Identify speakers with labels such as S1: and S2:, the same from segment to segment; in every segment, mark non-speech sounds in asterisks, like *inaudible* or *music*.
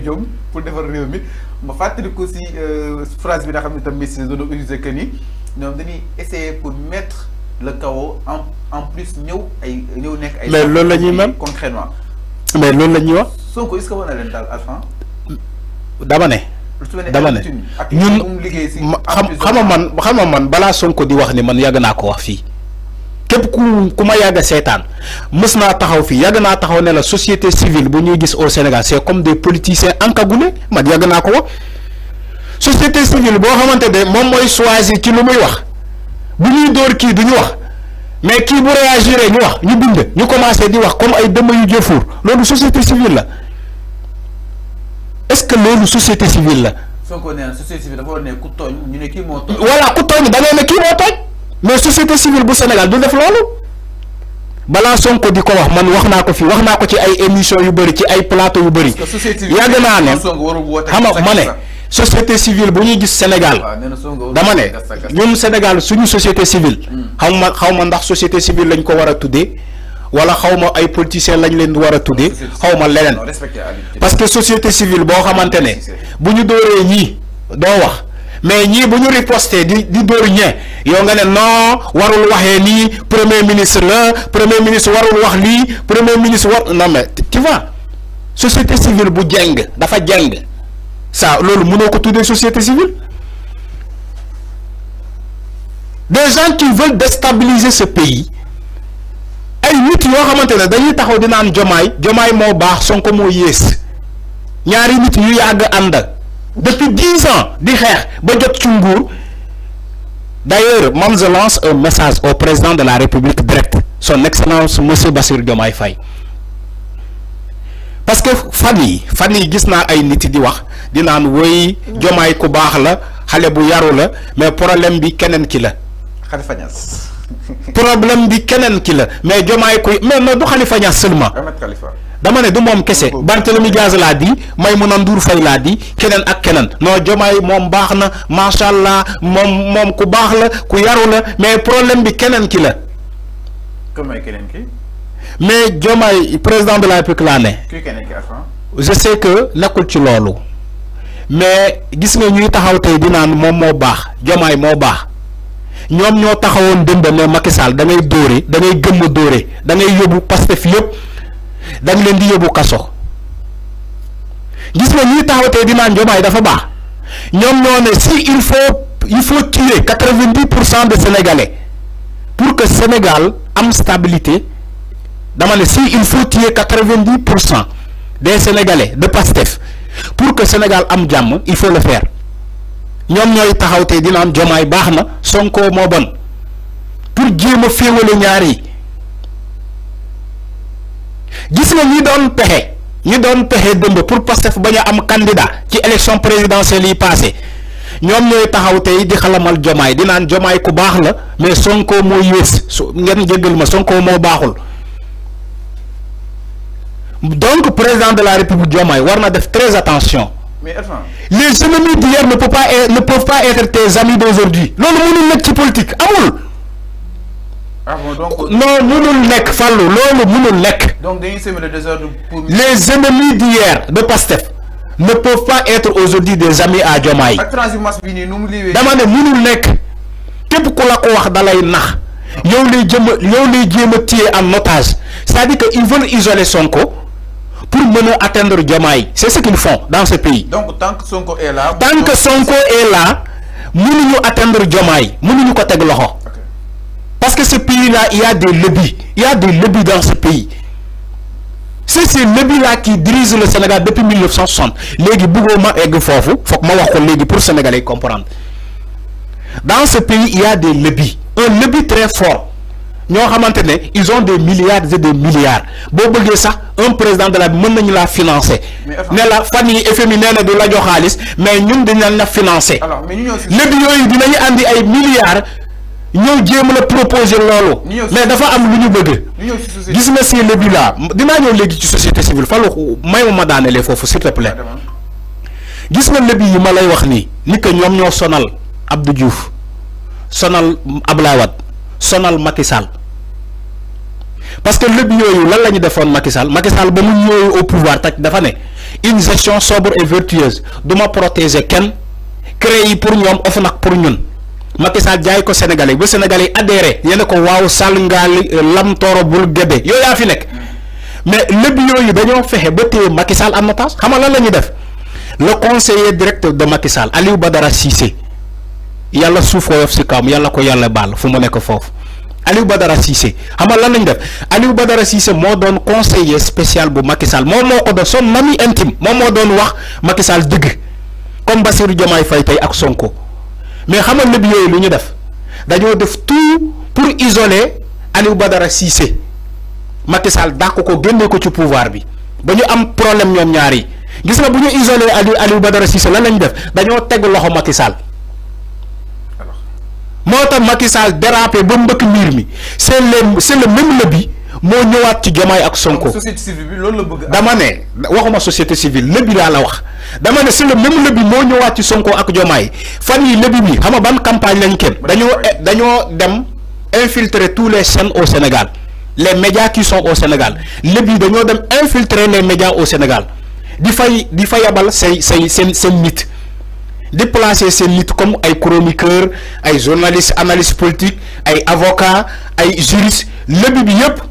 S1: Diom pour defar réew mi ma fàttaliku si euh, phrase bi nga xam ne tam Messi doon utiliser que ni ñoom dañuy essayer pour mettre le chaos en en plus ñëw ay ñëw nekk ay. mais loolu la ñuy mel concrètement. mais loolu la ñuy wax. Sonko est-ce que war na leen daal Alphan. dama né dama né
S2: ñun xam xama man xama man bala Sonko di wax ni man yag na ko wax fi képp ku ku ma yàgg a taxaw fi yàgg na taxaw ne la société civile bu ñuy gis au Sénégal c'est comme des politiciens encagoulés ma yàgg naa ko société civile bo xamante ne moom mooy choisir ci lu muy wax bu ñuy dóor kii du wax mais ki bu réagir ñu wax ñu bind ñu commencer di wax comme ay dem yu jëfuur lolu société civile la est-ce que lolu société civile la.
S1: soo ko société civile dafa né ku togn ñu né ki mo togn voilà
S2: ku togn da né ki mo togn mais société civile bu Sénégal du def loolu balaa Sonko di ko wax man wax naa ko fi wax naa ko ci ay émission yu bëri ci ay plateau yu bëri yàgg naa ne xam nga ma ne société civile bu ñuy gis Sénégal dama ne ñun Sénégal suñu société civile hmm. xaw ma xaw ma ndax société civile lañ ko war a tuddee wala xaw ma ay politiciens lañ leen war a tuddee xaw ma leneen parce que société civile boo xamante ne bu ñu dooree ñii doo wax mais ñi bu ñu riposté di di dóor ñe yow nga né non warul waxé premier ministre la premier ministre warul wax li premier ministre war non mais tu vois société civile bu jeng dafa jeng ça lolu mënoo ko tuddee société civile des gens qui veulent déstabiliser ce pays ay nit yo xamante dañuy taxaw di naan jomaay jomaay mo baax sonko mo yes ñaari nit yu yàgg ànd depuis dix ans di xeex ba d'ailleurs moom je lance un message au président de la république direct son excellence monsieur Bassirou Diomaye Faye parce que Fanny, Fanny, fan yi gis naa ay nit di wax di woy Diomaye ku baax la xale bu la mais problème bi kenen ki la Khalifa *laughs* problème bi kenen ki la mais Diomaye kuy mais mais du Khalifa seulement dama ne du kese Barthélemy Diaz l'a di Maïmouna Ndour Fay l'a di kenen ak kenen non Jomay mom baxna na mom mom ku bax la ku yaru la mais problème bi kenen ki la.
S1: kenen ki.
S2: mais président de la République l'année
S1: ne.
S2: je sais que la culture. lolu mais gis nga ñuy taxaw tay di ñoo taxawon ne da ngay da ngay da ngay dañ leen di yóbbu kaso gis nga ñuy taxawatee di naan jomaay dafa baax ñoom ñoo ne si il faut il faut tuer quatre-vingt-dix pour cent des sénégalais pour que Sénégal am stabilité dama ne si il faut tuer quatre-vingt-dix pour cent des sénégalais de Pastef pour que Sénégal am jàmm il faut le faire ñoom ñooy taxawtee di naan jomaay baax na Sonko moo bon pour jéem a féewale ñaar yi gis nga ñi doon pexe ñi doon pexe pour a am candidat ci élection présidentielle yi passé ñoom ñooy taxaw tey di xalamal jomaay di naan jomaay ku baax la mais Sonko moo yées ngeen de ma Sonko moo baaxul donc président de la République jomaay war na très attention
S1: les
S2: ennemis d'hier ne peuvent pas ne peuvent pas être tes amis d'aujourd'hui loolu mënul ci politique non nous nous fàllu loolu mënul
S1: nous nous
S2: les ennemis d'hier de Pastef ne peuvent pas être aujourd'hui des amis à djamaï ak
S1: transhumance bi nii nu mu liwee. dama ne
S2: mënul la ko wax dalay nax yow lay yow lay en otage c'est-à-dire qu'ils veulent isoler Sonko pour mener à atteindre djamaï c'est ce qu'ils font dans ce pays.
S1: donc tant que Sonko est là. tant que
S2: Sonko est là nous atteindre djamaï mënuñu ko nous loxo que ce pays-là, il y a des lobbies. Il y a des lobbies dans ce pays. C'est ces lobbies-là qui dirigent le Sénégal depuis 1960. Les Bougouma et Gfofu, faut que je pour les Sénégalais comprendre. Dans ce pays, il y a des lobbies. Un lobby très fort. Ils ont des milliards et des milliards. Si ça, un président de la République l'a financé. Mais la famille féminine de la mais nous devons la financer.
S1: Le
S2: bio, il a milliards ñëw jéem la proposer mais dafa am luñu bëgg. gis que ci le dit que ñeu légui ci société civile fa may ma ma les fofu s'il te plaît. gis que bi yi ma lay wax ni ni que ñom ñoo sonal Abdou Diouf sonal Abdoulaye sonal makissal parce que le yoyu lan lañu defon makissal makissal ba mu au pouvoir tak dafa né une gestion sobre et vertueuse du créé pour ñom of pour ñun. Macky Sall jaay ko Sénégalais ba Sénégalais yi adhéré yéen ko waaw Sall ngaali euh, lam tooro bul gëdde yooyu fi nekk mais lépp yooyu dañoo fexe ba téye Macky Sall am na taas lan la ñuy def le conseiller directeur de Macky Sall ba dara Cissé yàlla suuf ko yof si yàlla ko yàlla baal fu mu nekk foofu Aliou ba dara xam nga lan la ñu def Aliou Badara Cissé moo doon conseiller spécial bu Macky Sall moom moo ko doon son ami intime moom moo doon wax Macky Sall comme Bassirou Diomaye Faye tey ak Sonko. mais xamal lépp ce lu ñu def Nous def tout pour isoler Aliou Badara Cissé Macky Sall dàq ko génne ko ci pouvoir bi bañu am problème ñom ñaari gis nga bu ñu isolé Aliou Aliou Badara Cissé lan lañ def dañu tégg loxo Macky Sall motam Macky Sall dérapé ba c'est le c'est le même lobby mo ñëwaat ci jomay ak Sonko. société
S1: civile loolu la bëgg dama né
S2: waxuma société civile lëbi laa la wax dama né c'est le même le mo ñëwaat ci Sonko ak jomay fan yi le bi xam ban campagne lañu kenn dañu dañu dem infiltrer tous les chaînes au Sénégal les médias qui sont au Sénégal le lëbi dañu dem infiltrer les médias au Sénégal di fay di fa say say sen sen nit. déplacer sen nit comme ay chroniqueur ay journalistes, analystes politiques ay avocats ay juristes le bi yëpp.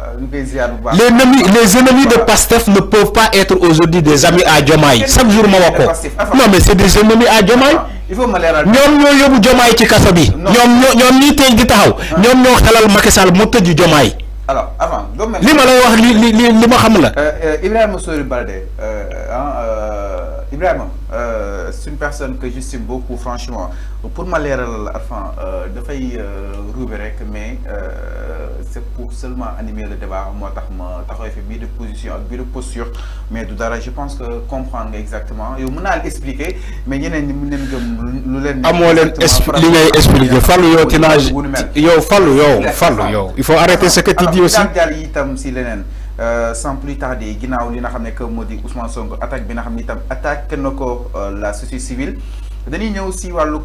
S1: Euh, les ennemis, les ennemis de
S2: Pastef ne peuvent pas être aujourd'hui des amis à jamaï Chaque jour, Non, mais c'est des ennemis à ah, ci bi. ni di taxaw. Ah. alors
S1: avant la wax
S2: li li il la. Euh,
S1: euh, vraiment euh, c'est une personne que j'estime beaucoup franchement pour ma euh, de dafay euh, ruube rek mais euh, c'est pour seulement animer le débat Moi, tax ma taxawee fi de position ak de posture mais du dara je pense que comprendre exactement et on naa expliqué expliquer mais il ñi mën nañu gëm lu
S2: leen. amoo leen li ngay expliquer Fallou yow tinage yow Fallou yow fallu il faut arrêter ce que tu dis aussi.
S1: Euh, sans plus tarder ginnaaw li nga xam ne que moo di attaque bi nga xam ne itam attaque na ko euh, la société civile dañuy ñëw si wàllug.